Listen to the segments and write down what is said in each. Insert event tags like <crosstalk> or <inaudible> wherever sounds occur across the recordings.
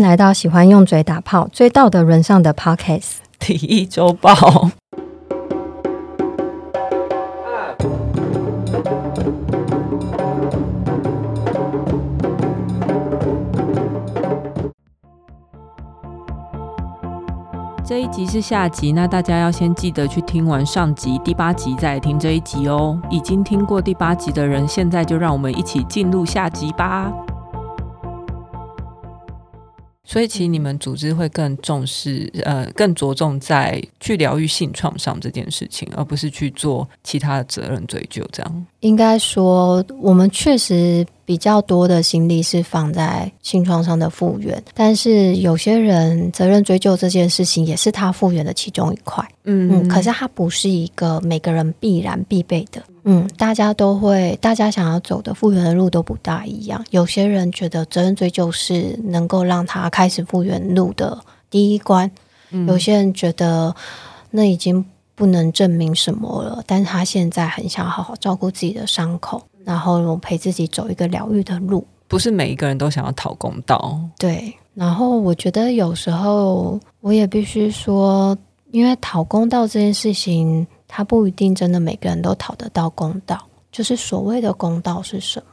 來到喜歡用嘴打炮、追道德淪喪的 podcast 體液週報，啊、這一集是下集，那大家要先記得去聽完上集第八集，再來聽這一集哦。已經聽過第八集的人，現在就讓我們一起進入下集吧。所以，其實你們組織會更重視，呃，更着重在去療癒性創傷這件事情，而不是去做其他的責任追究。這樣，應該說，我們確實，比較多的心力是放在性創傷的復原，但是有些人責任追究這件事情也是他復原的其中一塊。嗯，嗯，可是它不是一個每個人必然必備的。嗯，大家都會，大家想要走的復原的路都不大一樣。有些人覺得責任追究是能夠讓他開始復原路的第一關，有些人覺得那已經不能證明什麼了，但是他現在很想好好照顧自己的傷口。然後我陪自己走一個療癒的路，不是每一個人都想要討公道。對，然後我覺得有時候我也必須說，因為討公道這件事情，它不一定真的每個人都討得到公道。就是所謂的公道是什麼？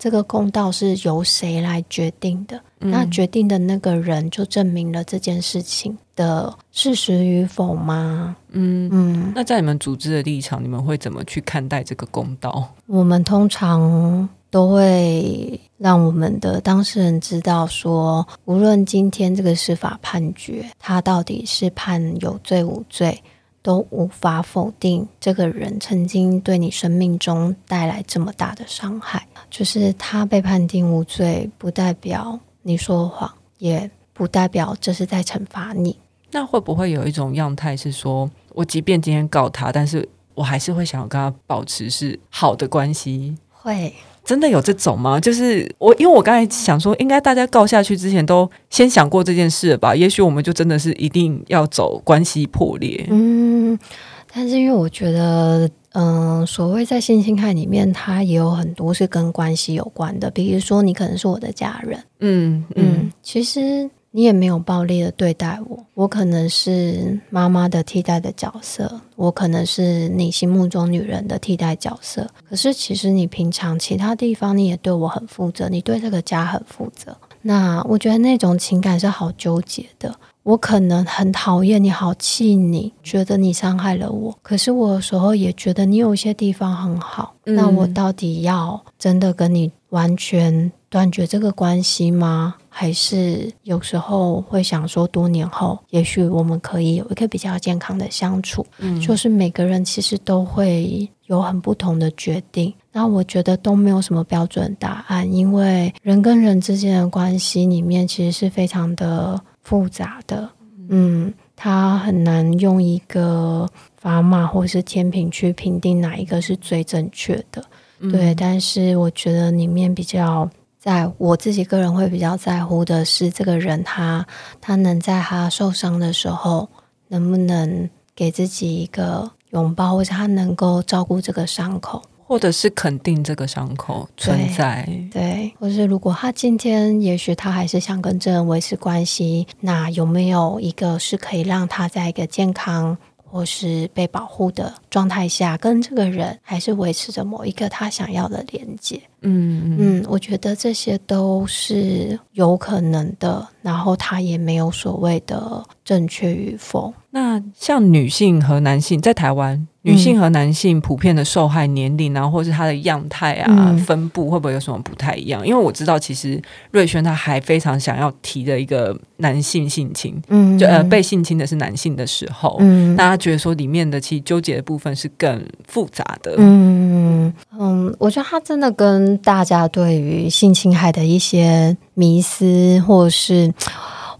這個公道是由誰來決定的？嗯。那決定的那個人就證明了這件事情的事實與否嗎？嗯嗯，嗯，那在你們組織的立場，你們會怎麼去看待這個公道？我們通常都會讓我們的當事人知道說，說無論今天這個司法判決，他到底是判有罪無罪，都無法否定這個人曾經對你生命中帶來這麼大的傷害。就是他被判定無罪，不代表你說謊也。不代表這是在懲罰你。那會不會有一種樣態是說，我即便今天告他，但是我還是會想要跟他保持是好的關係？會真的有這種嗎？就是我，因為我剛才想說，應該大家告下去之前都先想過這件事了吧？也許我們就真的是一定要走關係破裂。嗯，但是因為我覺得，嗯、呃，所謂在性侵害裡面，它也有很多是跟關係有關的，比如說你可能是我的家人。嗯嗯，嗯，其實。你也沒有暴力的對待我，我可能是媽媽的替代的角色，我可能是你心目中女人的替代角色。可是其實你平常其他地方你也對我很負責，你對這個家很負責。那我覺得那種情感是好糾結的。我可能很討厭你，好氣你，覺得你傷害了我。可是我有時候也覺得你有一些地方很好。嗯。那我到底要真的跟你完全斷絕這個關係嗎？還是有時候會想說，多年後也許我們可以有一個比較健康的相處。嗯，就是每個人其實都會有很不同的決定。那我覺得都沒有什麼標準答案，因為人跟人之間的關係裡面其實是非常的複雜的。嗯，嗯，他很難用一個砝碼或者是天平去評定哪一個是最正確的。嗯、對，但是我覺得裡面比較。在我自己個人會比較在乎的是，這個人他他能在他受傷的時候，能不能給自己一個擁抱，或者他能夠照顧這個傷口，或者是肯定這個傷口存在。對，對，或是如果他今天，也許他還是想跟這人維持關係，那有沒有一個是可以讓他在一個健康，或是被保護的狀態下，跟這個人還是維持着某一個他想要的連接。嗯嗯，我覺得這些都是有可能的，然後他也沒有所謂的正確與否。那像女性和男性在台灣。女性和男性普遍的受害年齡，啊，然後、嗯、或是它的樣態啊分布，會不會有什麼不太一樣？嗯、因為我知道，其實芮璿他還非常想要提的一個男性性侵，嗯，就呃被性侵的是男性的時候，嗯，那她覺得說裡面的其實糾結的部分是更複雜的，嗯嗯，我覺得他真的跟大家對於性侵害的一些迷思，或是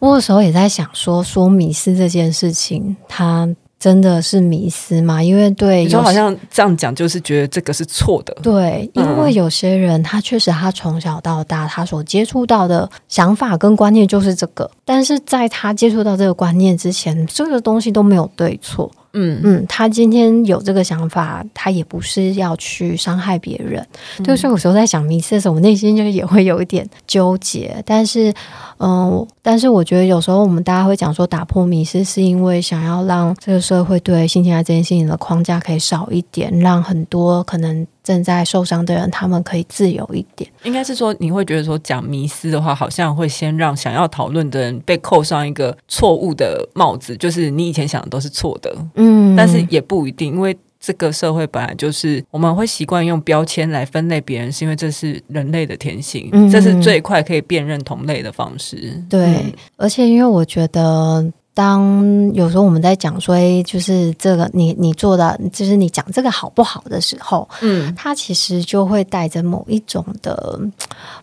我有時候也在想說，說迷思這件事情，他。真的是迷思嗎？因為對你好像這樣講，就是覺得這個是錯的。對，嗯、因為有些人他確實他從小到大，他所接觸到的想法跟觀念就是這個，但是在他接觸到這個觀念之前，所有的東西都沒有對錯。嗯嗯，他今天有這個想法，他也不是要去傷害別人。嗯、就是有時候在想迷思的時候，我內心就是也會有一點糾結。但是，嗯、呃，但是我覺得有時候我們大家會講說，打破迷思是因為想要讓這個社會對性侵害這件事情的框架可以少一點，讓很多可能。正在受傷的人，他們可以自由一點。應該是說，你會覺得說，講迷思的話，好像會先讓想要討論的人被扣上一個錯誤的帽子，就是你以前想的都是錯的。嗯，但是也不一定，因為這個社會本來就是我們會習慣用標籤來分類別人，是因為這是人類的天性，這是最快可以辨認同類的方式。嗯嗯、對，而且因為我覺得。當有時候我們在講說，哎、欸，就是這個你你做的，就是你講這個好不好的時候，嗯，他其實就會帶着某一種的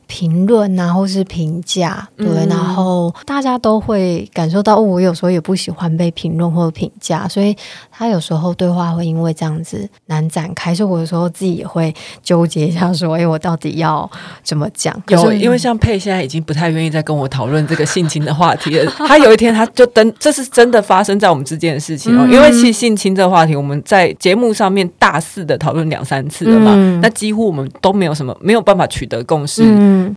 評論啊，或是評價，對，嗯、然後大家都會感受到，我有時候也不喜歡被評論或者評價，所以他有時候對話會因為這樣子難展開，所以我有時候自己也會糾結一下，說，哎、欸，我到底要怎麼講？有，因為像佩現在已經不太願意再跟我討論這個性侵的話題了，他 <laughs> 有一天他就登。這是真的發生在我們之間的事情哦，因為性性侵這個話題，我們在節目上面大肆的討論兩三次了嘛，那幾乎我們都沒有什麼沒有辦法取得共識，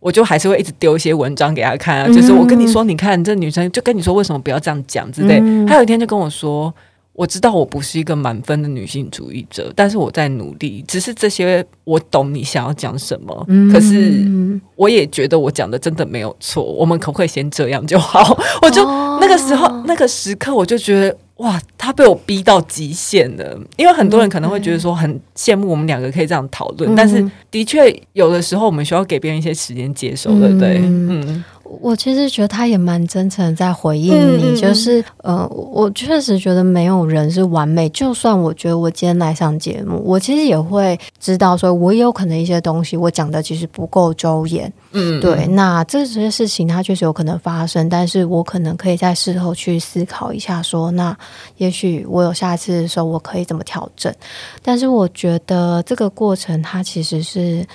我就還是會一直丟一些文章給他看啊，就是我跟你說，你看這女生就跟你說為什麼不要這樣講之類，他有一天就跟我說。我知道我不是一個滿分的女性主義者，但是我在努力。只是這些我懂你想要講什麼，嗯、可是我也覺得我講的真的沒有錯。我們可不可以先這樣就好？我就、哦、那個時候那個時刻，我就覺得哇，他被我逼到極限了。因為很多人可能會覺得說很羨慕我們兩個可以這樣討論，嗯、但是的確有的時候我們需要給別人一些時間接受，嗯、對不對？嗯。我其實覺得他也蠻真誠，在回應你，嗯、就是呃，我確實覺得沒有人是完美。就算我覺得我今天來上節目，我其實也會知道說，我有可能一些東西我講的其實不夠周延。嗯，對。那這些事情它確實有可能發生，但是我可能可以在事後去思考一下說，說那也許我有下次的時候我可以怎麼調整。但是我覺得這個過程它其實是。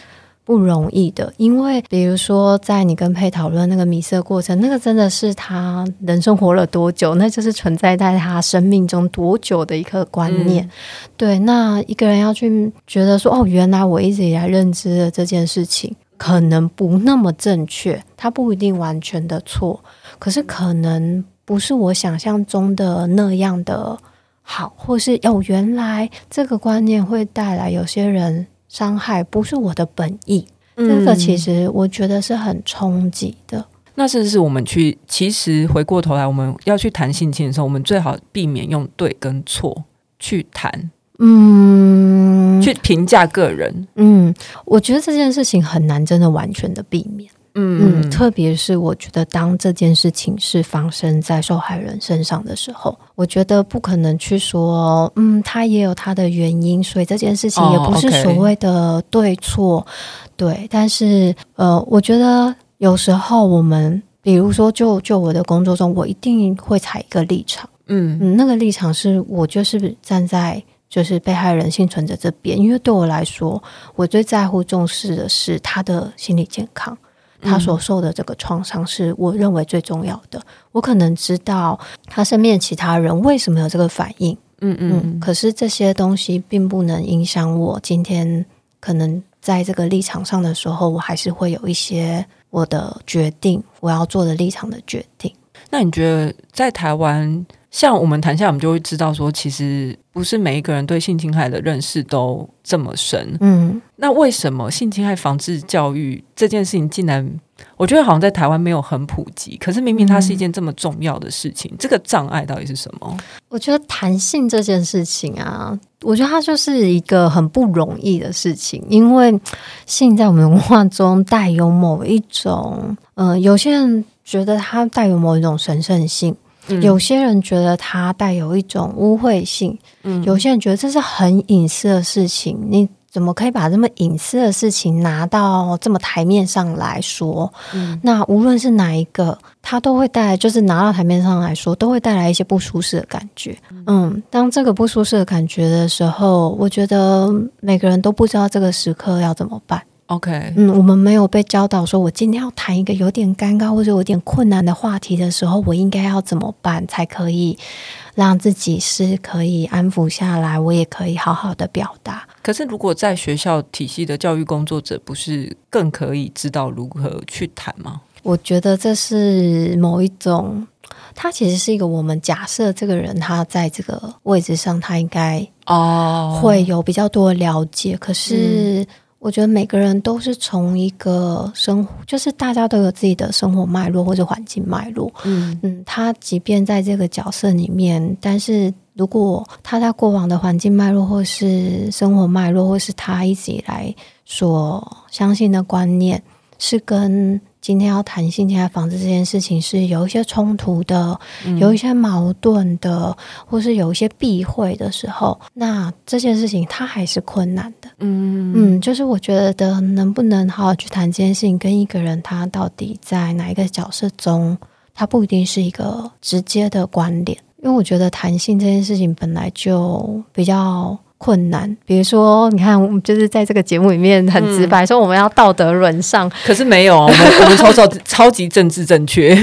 不容易的，因為比如說，在你跟佩討論那個米色過程，那個真的是他人生活了多久，那就是存在在他生命中多久的一個觀念。嗯、對，那一個人要去覺得說，哦，原來我一直以來認知的這件事情，可能不那麼正確，它不一定完全的錯，可是可能不是我想象中的那樣的好，或是哦，原來這個觀念會帶來有些人，傷害不是我的本意，嗯、這個其實我覺得是很衝擊的。那是不是我們去？其實回過頭來我們要去談性侵的時候，我們最好避免用對跟錯去談，嗯，去評價個人。嗯，我覺得這件事情很難真的完全的避免。嗯，嗯，特別是我覺得，當這件事情是發生在受害人身上的時候，我覺得不可能去說，嗯，他也有他的原因，所以這件事情也不是所謂的對錯，哦 okay、對。但是，呃，我覺得有時候我們，比如說就，就就我的工作中，我一定會踩一個立場，嗯，嗯，那個立場是我就是站在就是被害人倖存者這邊，因為對我來說，我最在乎、重視的是他的心理健康。他所受的這個創傷是我認為最重要的。嗯。我可能知道他身邊其他人為什麼有這個反應，嗯嗯，嗯，可是這些東西並不能影響我，今天可能在這個立場上的時候，我還是會有一些我的決定，我要做的立場的決定。那你覺得在台灣，像我們談下，我們就會知道說，其實不是每一個人對性侵害的認識都這麼深。嗯，那為什麼性侵害防治教育這件事情，竟然我覺得好像在台灣沒有很普及？可是明明它是一件這麼重要的事情，嗯、這個障礙到底是什麼？我覺得談性這件事情啊，我覺得它就是一個很不容易的事情，因為性在我們文化中帶有某一種，嗯、呃，有些人。覺得它帶有某一種神聖性，嗯，有些人覺得它帶有一種污穢性，嗯，有些人覺得這是很隱私的事情，你怎麼可以把這麼隱私的事情拿到這麼檯面上來說？嗯，那無論是哪一個，它都會帶來，就是拿到檯面上來說，都會帶來一些不舒適的感覺。嗯，當這個不舒適的感覺的時候，我覺得每個人都不知道這個時刻要怎麼辦。OK，嗯，我們沒有被教導說，我今天要談一個有點尷尬或者有點困難的話題的時候，我應該要怎麼辦才可以讓自己是可以安撫下來，我也可以好好的表達。可是，如果在學校體系的教育工作者不是更可以知道如何去談嗎？我覺得這是某一種，他其實是一個我們假設這個人他在這個位置上，他應該哦會有比較多的了解，Oh. 可是，嗯。我覺得每個人都是從一個生活，就是大家都有自己的生活脈絡或者環境脈絡。嗯嗯，他即便在這個角色裡面，但是如果他在過往的環境脈絡，或是生活脈絡，或是他一直以來所相信的觀念，是跟。今天要談性侵害防治這件事情，是有一些衝突的，嗯、有一些矛盾的，或是有一些避諱的時候，那這件事情它還是困難的。嗯嗯，就是我覺得能不能好好去談這件事情，跟一個人他到底在哪一個角色中，他不一定是一個直接的觀點，因為我覺得談性這件事情本來就比較。困難，比如說，你看，我們就是在這個節目裡面很直白，說我們要道德淪喪，嗯，可是沒有啊，我們我們超超 <laughs> 超級政治正確。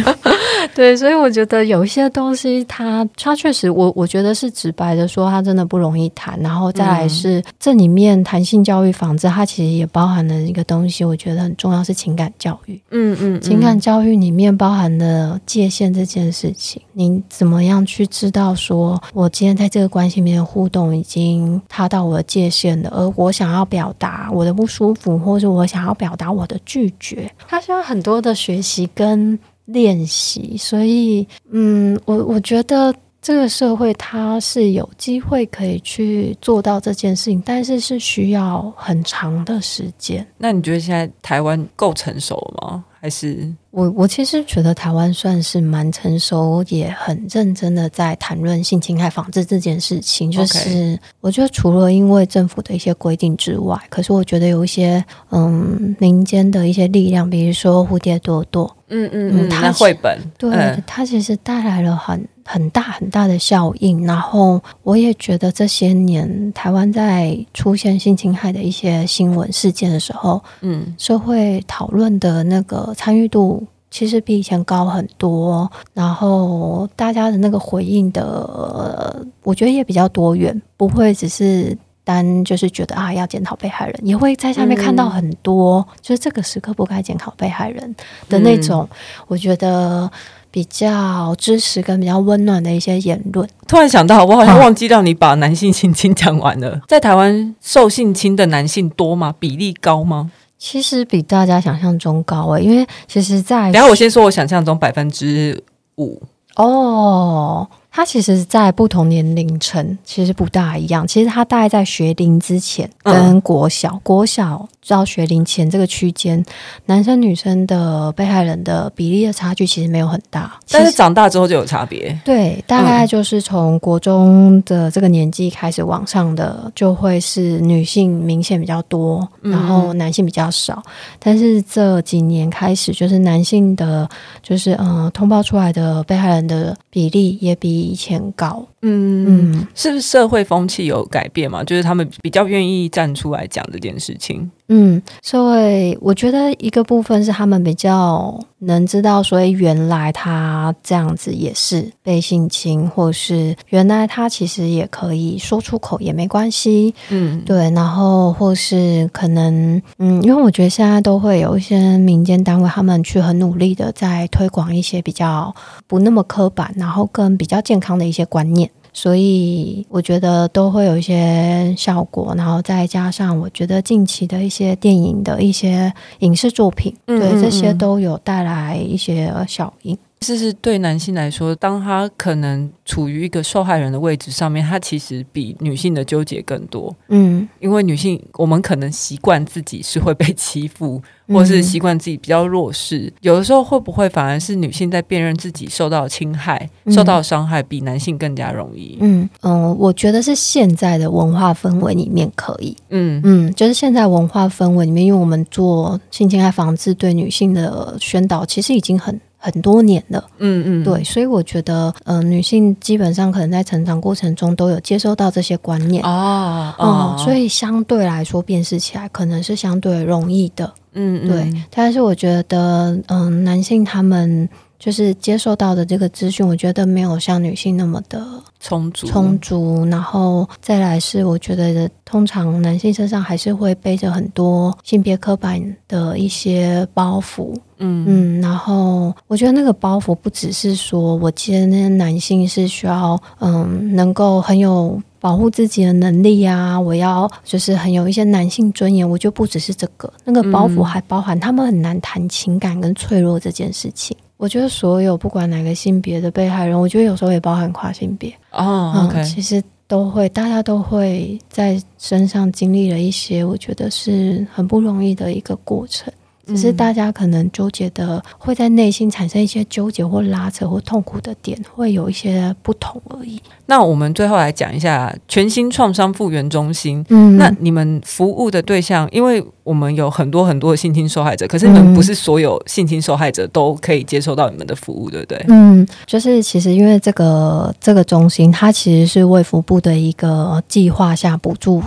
<laughs> 對，所以我覺得有一些東西它，它它確實我，我我覺得是直白的說，它真的不容易談。然後再來是、嗯、這裡面談性教育、防治，它其實也包含了一個東西，我覺得很重要是情感教育。嗯嗯，嗯嗯情感教育裡面包含的界限這件事情，您怎麼樣去知道？說我今天在這個關係裡面互動已經踏到我的界限了，而我想要表達我的不舒服，或者我想要表達我的拒絕，它需要很多的學習跟練習，所以，嗯，我我覺得這個社會它是有機會可以去做到這件事情，但是是需要很長的時間。那你覺得現在台灣夠成熟了嗎？還是我我其實覺得台灣算是蠻成熟，也很認真的在談論性侵害防治這件事情。就是 Okay. 我覺得除了因為政府的一些規定之外，可是我覺得有一些嗯民間的一些力量，比如說蝴蝶朵朵、嗯，嗯嗯，嗯，他繪本，對、嗯、他其實帶來了很。很大很大的效應，然後我也覺得這些年台灣在出現性侵害的一些新聞事件的時候，嗯，社會討論的那個參與度其實比以前高很多，然後大家的那個回應的，我覺得也比較多元，不會只是單就是覺得啊，要檢討被害人，也會在下面看到很多、嗯、就是這個時刻不該檢討被害人的那種，嗯、我覺得。比較支持跟比較溫暖的一些言論。突然想到，我好像忘記到你把男性性侵講完了。哈在台灣受性侵的男性多嗎？比例高嗎？其實比大家想象中高誒、欸，因為其實，在然後我先說我想象中百分之五哦。他其實，在不同年齡層其實不大一樣。其實他大概在學齡之前跟國小、嗯、國小到學齡前這個區間，男生女生的被害人的比例的差距其實沒有很大。但是長大之後就有差別。對，大概就是從國中的這個年紀開始往上的，嗯、就會是女性明顯比較多，然後男性比較少。嗯、但是這幾年開始，就是男性的就是呃，通報出來的被害人的比例也比。以前高，嗯嗯，嗯，是不是社會風氣有改變嗎？就是他們比較願意站出來講這件事情。嗯，所以我覺得一個部分是他們比較能知道，所以原來他這樣子也是被性侵，或是原來他其實也可以說出口也沒關係。嗯，對，然後或是可能，嗯，因為我覺得現在都會有一些民間單位，他們去很努力的在推廣一些比較不那麼刻板，然後更比較健康的一些觀念。所以我覺得都會有一些效果，然後再加上我覺得近期的一些電影的一些影視作品，嗯嗯嗯，對，這些都有帶來一些呃效應。就是對男性來說，當他可能處於一個受害人的位置上面，他其實比女性的糾結更多。嗯，因為女性我們可能習慣自己是會被欺負，或是習慣自己比較弱勢。嗯、有的時候會不會反而是女性在辨認自己受到侵害、嗯、受到傷害比男性更加容易？嗯嗯、呃，我覺得是現在的文化氛圍裡面可以。嗯嗯，就是現在文化氛圍裡面，因為我們做性侵害防治對女性的宣導，其實已經很。很多年了，嗯嗯，對，所以我覺得，嗯、呃，女性基本上可能在成長過程中都有接受到這些觀念啊，嗯、哦哦呃、所以相對來說，辨識起來可能是相對容易的，嗯嗯，對，但是我覺得，嗯、呃，男性他們，就是接受到的這個資訊，我覺得沒有像女性那麼的充足充足。然後再來是，我覺得通常男性身上還是會背着很多性別刻板的一些包袱。嗯嗯，然後我覺得那個包袱不只是說，我接那些男性是需要嗯能夠很有保護自己的能力啊，我要就是很有一些男性尊嚴。我覺得不只是這個，那個包袱還包含他們很難談情感跟脆弱這件事情。嗯我覺得所有不管哪個性別的被害人，我覺得有時候也包含跨性別哦、oh, okay. 嗯，其實都會，大家都會在身上經歷了一些，我覺得是很不容易的一個過程。只是大家可能糾結的，嗯、會在內心產生一些糾結或拉扯或痛苦的點，會有一些不同而已。那我們最後來講一下全芯創傷復原中心。嗯、那你們服務的對象，因為我們有很多很多的性侵受害者，可是你們不是所有性侵受害者都可以接受到你們的服務，對不對？嗯，就是其實因為這個這個中心，它其實是衛福部的一個計劃下補助。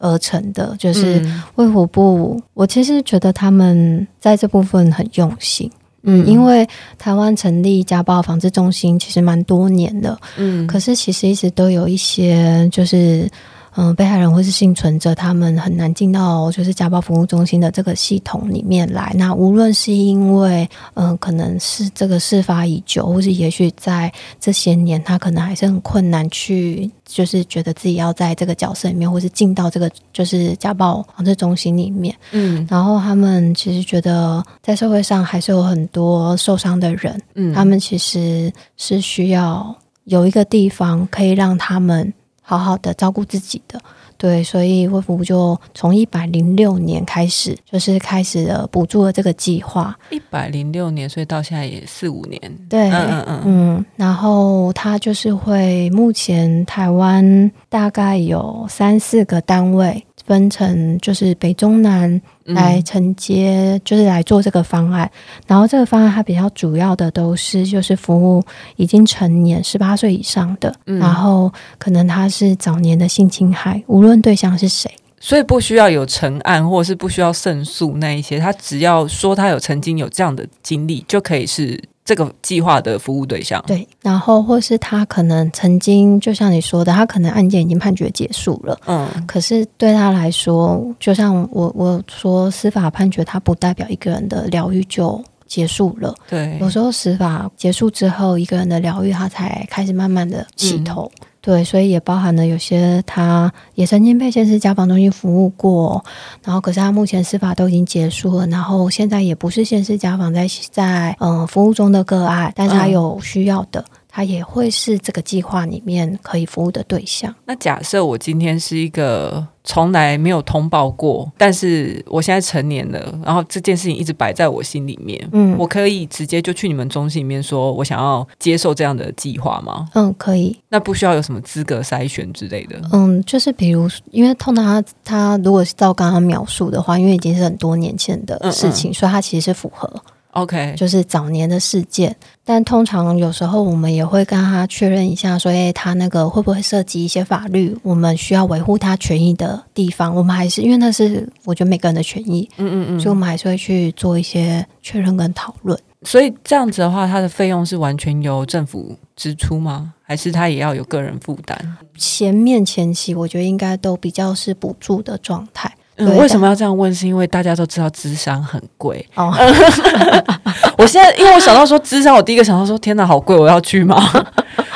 而成的，就是衛福部。嗯、我其實覺得他們在這部分很用心，嗯，因為台灣成立家暴防治中心其實蠻多年的，嗯，可是其實一直都有一些就是。嗯，被害人或是倖存者，他們很難進到就是家暴服務中心的這個系統裡面來。那無論是因為，嗯，可能是這個事發已久，或是也許在這些年，他可能還是很困難去，就是覺得自己要在這個角色裡面，或是進到這個就是家暴防治中心裡面。嗯，然後他們其實覺得，在社會上還是有很多受傷的人，嗯，他們其實是需要有一個地方可以讓他們。好好的照顧自己的，對，所以衛福就從一百零六年開始，就是開始了補助了這個計劃。一百零六年，所以到現在也四五年。對，嗯嗯嗯，嗯然後他就是會，目前台灣大概有三四個單位。分成就是北中南來承接，嗯、就是來做這個方案。然後這個方案它比較主要的都是就是服務已經成年十八歲以上的，嗯、然後可能他是早年的性侵害，無論對象是誰，所以不需要有成案，或者是不需要勝訴那一些，他只要說他有曾經有這樣的經歷，就可以是。這個計劃的服務對象，對，然後或是他可能曾經，就像你說的，他可能案件已經判決結束了，嗯，可是對他來說，就像我我說，司法判決他不代表一個人的療癒就結束了，對，有時候司法結束之後，一個人的療癒他才開始慢慢的起頭。嗯對，所以也包含了有些他也曾經被縣市家防中心服務過，然後可是他目前司法都已經結束了，然後現在也不是縣市家防在在嗯服務中的個案，但是他有需要的。嗯他也會是這個計劃裡面可以服務的對象。那假設我今天是一個從來沒有通報過，但是我現在成年了，然後這件事情一直擺在我心裡面，嗯，我可以直接就去你們中心裡面說我想要接受這樣的計劃嗎？嗯，可以。那不需要有什麼資格篩選之類的。嗯，就是比如因為通常他，他如果是照剛剛描述的話，因為已經是很多年前的事情，嗯嗯，所以他其實是符合。OK，就是早年的事件，但通常有時候我們也會跟他確認一下，說欸，他那個會不會涉及一些法律，我們需要維護他權益的地方，我們還是因為那是我覺得每個人的權益，嗯嗯嗯，所以我們還是會去做一些確認跟討論。所以這樣子的話，他的費用是完全由政府支出嗎？還是他也要有個人負擔？嗯，前面前期，我覺得應該都比較是補助的狀態。我、嗯、的為什麼要這樣問？是因為大家都知道諮商很貴。Oh. <laughs> <laughs> 我現在因為我想到說諮商，我第一個想到說：天哪，好貴！我要去嗎？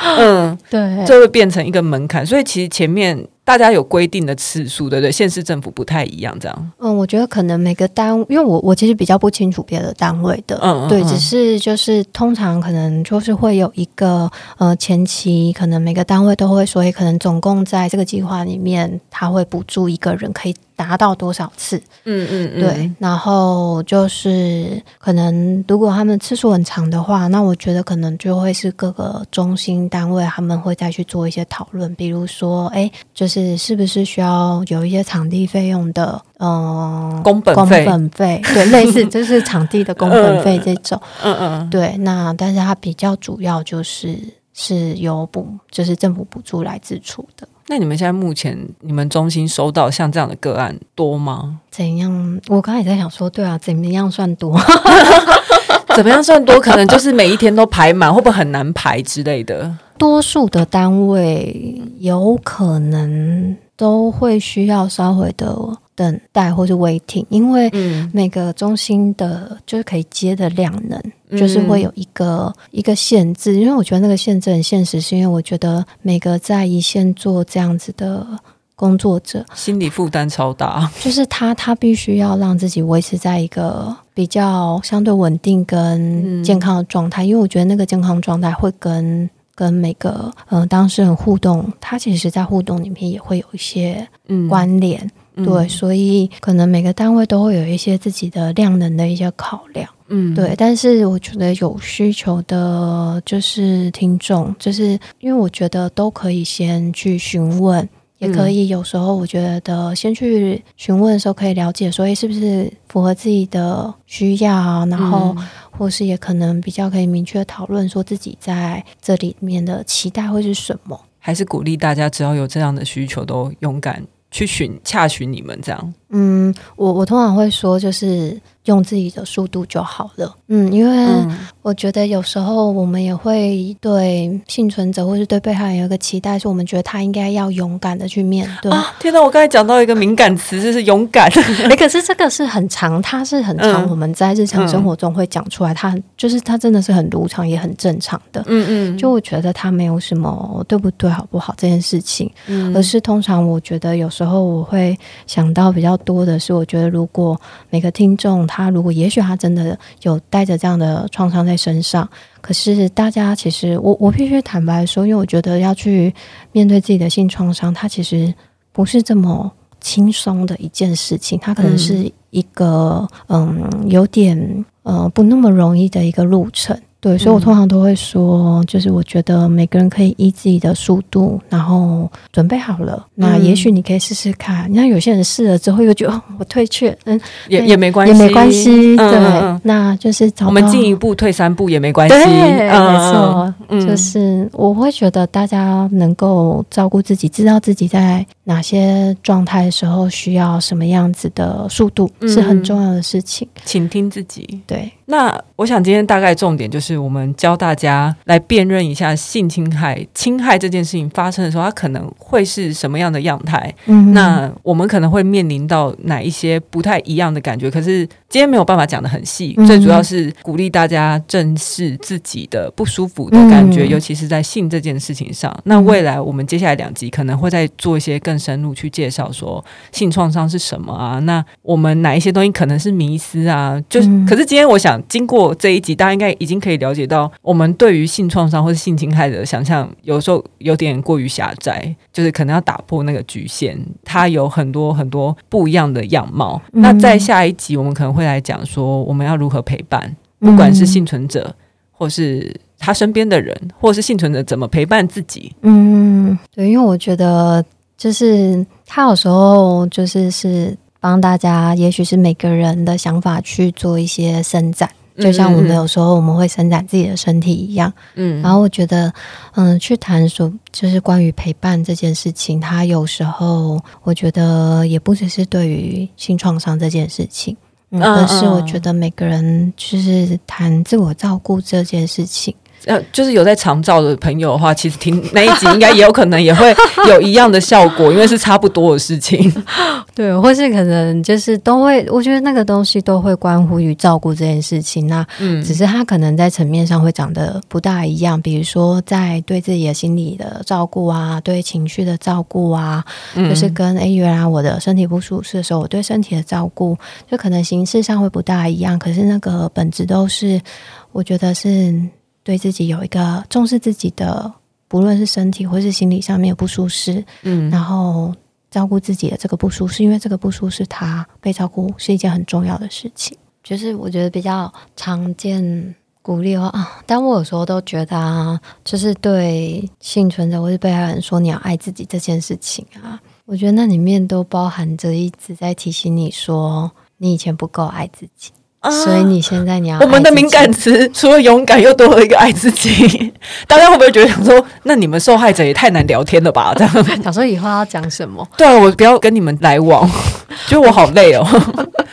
<laughs> 嗯，對，就會變成一個門檻。所以其實前面。大家有規定的次數，對對？縣市政府不太一樣，這樣。嗯，我覺得可能每個單，因為我我其實比較不清楚別的單位的，嗯嗯嗯。對，只是就是通常可能就是會有一個呃前期，可能每個單位都會說，所以可能總共在這個計劃裡面，他會補助一個人可以達到多少次？嗯嗯嗯。對，然後就是可能如果他們次數很長的話，那我覺得可能就會是各個中心單位他們會再去做一些討論，比如說，哎，就是。是是不是需要有一些場地費用的？嗯、呃，工本費，對， <laughs> 類似就是場地的工本費這種。嗯嗯，嗯嗯對，那但是它比較主要就是是由補，就是政府補助來支出的。那你們現在目前你們中心收到像這樣的個案多嗎？怎樣？我剛才在想說，對啊，怎麼樣算多？ <laughs> 怎麼樣算多？可能就是每一天都排滿，會不會很難排之類的？多數的單位有可能都會需要稍微的等待或是 waiting，因為每個中心的、嗯、就是可以接的量能就是會有一個、嗯、一個限制。因為我覺得那個限制很現實，是因為我覺得每個在一線做這樣子的。工作者心理負擔超大，就是他，他必須要讓自己維持在一個比較相對穩定跟健康的狀態，嗯、因為我覺得那個健康狀態會跟跟每個嗯、呃、當事人互動，他其實，在互動裡面也會有一些關嗯關聯，對，所以可能每個單位都會有一些自己的量能的一些考量，嗯，對，但是我覺得有需求的就是聽眾，就是因為我覺得都可以先去詢問，也可以，有時候我覺得先去詢問的時候可以了解，所以是不是符合自己的需要啊，然後或是也可能比較可以明確討論，說自己在這裡面的期待會是什麼。還是鼓勵大家，只要有這樣的需求，都勇敢去尋洽詢你們這樣。嗯，我我通常會說，就是用自己的速度就好了。嗯，因為我覺得有時候我們也會對倖存者或是對被害人有一個期待，是我們覺得他應該要勇敢的去面對。啊、天哪，我剛才講到一個敏感詞， <laughs> 就是勇敢。哎、 <laughs> 欸，可是這個是很長，它是很長。嗯、我們在日常生活中會講出來，他就是他真的是很如常，也很正常的。嗯嗯，就我覺得他沒有什麼對不對，好不好這件事情。嗯，而是通常我覺得有時候我會想到比較。多的是，我覺得如果每個聽眾他如果，也許他真的有帶着這樣的創傷在身上，可是大家其實，我我必須坦白說，因為我覺得要去面對自己的性創傷，它其實不是這麼輕鬆的一件事情，它可能是一個嗯，嗯，有點呃，不那麼容易的一個路程。對，所以我通常都會說，就是我覺得每個人可以依自己的速度，然後準備好了，那也許你可以試試看。你看有些人試了之後又覺得我退卻，嗯，也也沒關係，也沒關係，對，那就是我們進一步退三步也沒關係，沒錯，就是我會覺得大家能夠照顧自己，知道自己在哪些狀態的時候需要什麼樣子的速度是很重要的事情，傾聽自己，對。那我想今天大概重點就是我們教大家來辨認一下性侵害侵害這件事情發生的時候，它可能會是什麼樣的樣態。嗯哼。那我們可能會面臨到哪一些不太一樣的感覺，可是。今天沒有辦法講得很細，嗯、最主要是鼓勵大家正視自己的不舒服的感覺，嗯、尤其是在性這件事情上。嗯、那未來我們接下來兩集可能會再做一些更深入去介紹，說性創傷是什麼啊？那我們哪一些東西可能是迷思啊？就是，嗯、可是今天我想，經過這一集，大家應該已經可以了解到，我們對於性創傷或是性侵害的想象，有時候有點過於狹窄，就是可能要打破那個局限，它有很多很多不一樣的樣貌。嗯、那在下一集，我們可能會。會來講說我們要如何陪伴，不管是幸存者，嗯、或是他身邊的人，或是幸存者怎麼陪伴自己。嗯，對，因為我覺得就是他有時候就是是幫大家，也許是每個人的想法去做一些伸展，嗯、就像我們有時候我們會伸展自己的身體一樣。嗯，然後我覺得，嗯，去談說就是關於陪伴這件事情，他有時候我覺得也不只是對於性創傷這件事情。而、嗯、是我覺得每個人就是談自我照顧這件事情。嗯嗯呃、啊，就是有在長照的朋友的話，其實聽那一集應該也有可能也會有一樣的效果， <laughs> 因為是差不多的事情。對，或是可能就是都會，我覺得那個東西都會關乎於照顧這件事情、啊。那嗯，只是它可能在層面上會長得不大一樣，比如說在對自己的心理的照顧啊，對情緒的照顧啊，嗯、就是跟誒，原來我的身體不舒適的時候，我對身體的照顧，就可能形式上會不大一樣，可是那個本質都是，我覺得是。對自己有一個重視自己的，不論是身體或是心理上面的不舒適，嗯，然後照顧自己的這個不舒適，因為這個不舒適，他被照顧是一件很重要的事情。就是我覺得比較常見鼓勵的話啊，但我有時候都覺得啊，就是對幸存者或是被害人說你要愛自己這件事情啊，我覺得那裡面都包含着一直在提醒你說你以前不夠愛自己。啊、所以你現在你要我們的敏感詞，除了勇敢又多了一個愛自己，大家會不會覺得想說那你們受害者也太難聊天了吧？這樣想說以後要講什麼？對，我不要跟你們來往， <laughs> 覺得我好累哦。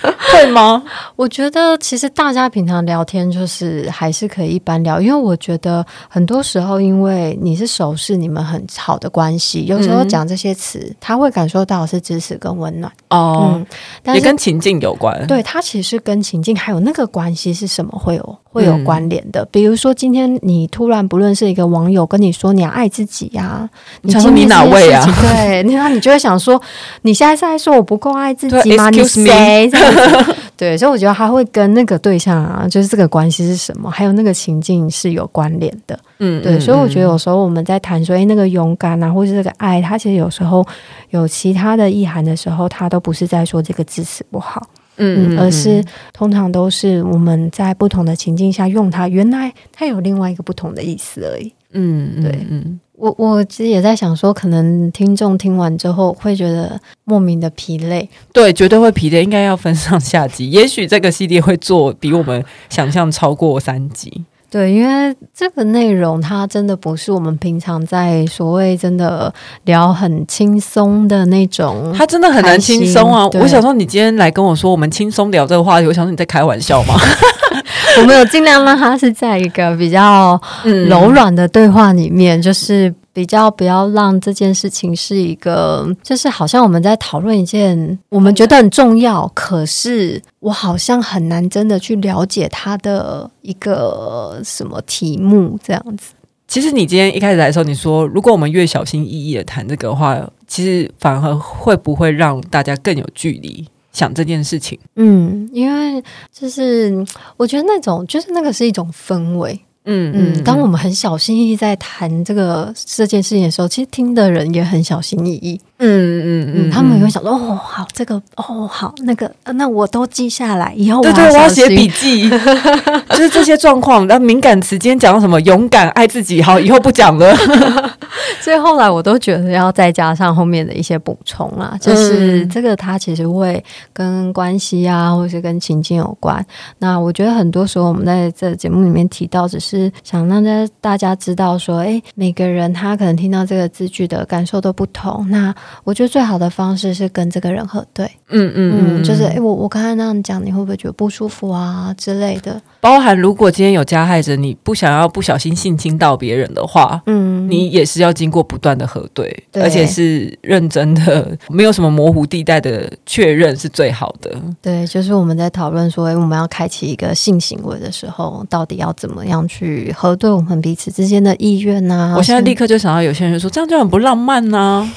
<laughs> <laughs> 對嗎？我覺得其實大家平常聊天就是還是可以一般聊，因為我覺得很多時候，因為你是熟識你們很好的關係，嗯、有時候講這些詞，他會感受到是支持跟溫暖哦。嗯，但是也跟情境有關。對，它其實跟情境還有那個關係是什麼會有會有關聯的？嗯、比如說今天你突然不論是一個網友跟你說你要愛自己呀、啊，你前你哪位啊？對，然後你就會想說，你現在在說我不夠愛自己嗎？啊、你是誰？ <laughs> <laughs> 對，所以我覺得他會跟那個對象啊，就是這個關係是什麼，還有那個情境是有關聯的。嗯，嗯，嗯，對，所以我覺得有時候我們在談說，哎、欸，那個勇敢啊，或者這個愛，他其實有時候有其他的意涵的時候，他都不是在說這個字詞不好，嗯，嗯，嗯，嗯，而是通常都是我們在不同的情境下用它，原來它有另外一個不同的意思而已。嗯，嗯，嗯，對我我其實也在想說，可能聽眾聽完之後會覺得莫名的疲累。對，絕對會疲累，應該要分上下集。也許這個系列會做比我們想象超過三集。 <laughs> <laughs> 對，因為這個內容它真的不是我們平常在所謂真的聊很輕鬆的那種，它真的很難輕鬆啊！對我想說，你今天來跟我說我們輕鬆聊這個話題，我想說你在開玩笑嗎？ <laughs> <laughs> 我們有盡量讓它是在一個比較柔軟的對話裡面，嗯、就是。比較不要讓這件事情是一個，就是好像我們在討論一件我們覺得很重要，Okay. 可是我好像很難真的去了解它的一個什麼題目這樣子。其實你今天一開始來的時候，你說如果我們越小心翼翼的談這個話，其實反而會不會讓大家更有距離想這件事情？嗯，因為就是我覺得那種就是那個是一種氛圍。嗯嗯，當我們很小心翼翼在談這個這件事情的時候，其實聽的人也很小心翼翼。嗯嗯嗯，嗯嗯他們也會想說：‘嗯、哼哦，好這個哦好那個、呃，那我都記下來，以後我要寫筆記， <laughs> 就是這些狀況，然後敏感詞，今天講到什麼勇敢愛自己，好，以後不講了。 <laughs> <laughs> 所以後來我都覺得要再加上後面的一些補充啊，就是這個它其實會跟關係啊，或者是跟情境有關。那我覺得很多時候我們在這節目裡面提到，只是想讓大大家知道說，誒、欸，每個人他可能聽到這個字句的感受都不同，那。我覺得最好的方式是跟這個人核對，嗯嗯，嗯，就是哎、欸，我我剛才那樣講，你會不會覺得不舒服啊之類的？包含如果今天有加害者，你不想要不小心性侵到別人的話，嗯，你也是要經過不斷的核對，對，而且是認真的，沒有什麼模糊地帶的確認是最好的。對，就是我們在討論說，哎，我們要開啟一個性行為的時候，到底要怎麼樣去核對我們彼此之間的意願吶、啊。我現在立刻就想到有些人說，是這樣就很不浪漫吶、啊。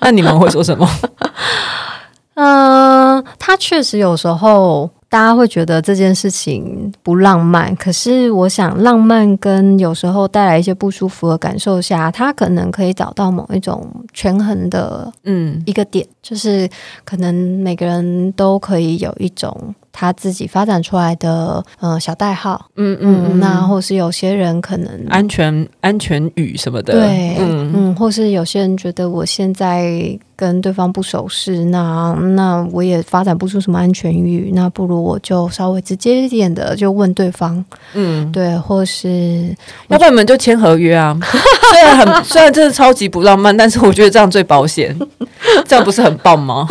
那 <laughs> 你們會說什麼？嗯 <laughs> 呃，他確實有時候大家會覺得這件事情不浪漫，可是我想浪漫跟有時候帶來一些不舒服的感受下，他可能可以找到某一種權衡的，嗯，一個點，嗯、就是可能每個人都可以有一種。他自己發展出來的呃小代號，嗯嗯，那或是有些人可能安全安全語什麼的，對，嗯嗯，或是有些人覺得我現在跟對方不熟識，那那我也發展不出什麼安全語。那不如我就稍微直接一點的就問對方，嗯，對，或是要不然你們就簽合約啊，雖然很雖然這是超級不浪漫，但是我覺得這樣最保險，這樣不是很棒嗎？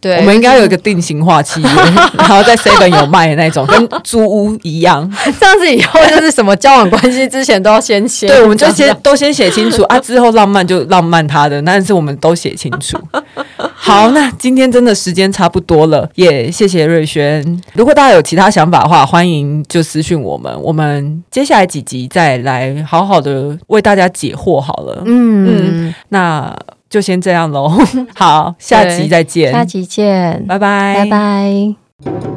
對，我們應該有一個定型化契約。 <laughs> 然後在 seven 有賣的那種， <laughs> 跟租屋一樣。 <laughs> 這樣子以後就是什麼交往關係之前都要先寫。 <laughs> 對，我們就先這樣 都先寫清楚 <laughs> 啊，之後浪漫就浪漫他的，但是我們都寫清楚。 <laughs> 好，那今天真的時間差不多了，也、yeah, 謝謝芮璿。如果大家有其他想法的話，歡迎就私訊我們。我們接下來幾集再來好好的為大家解惑好了。嗯嗯，嗯那。就先這樣嘍， <laughs> 好，下集再見，下集見，拜拜 bye，拜拜。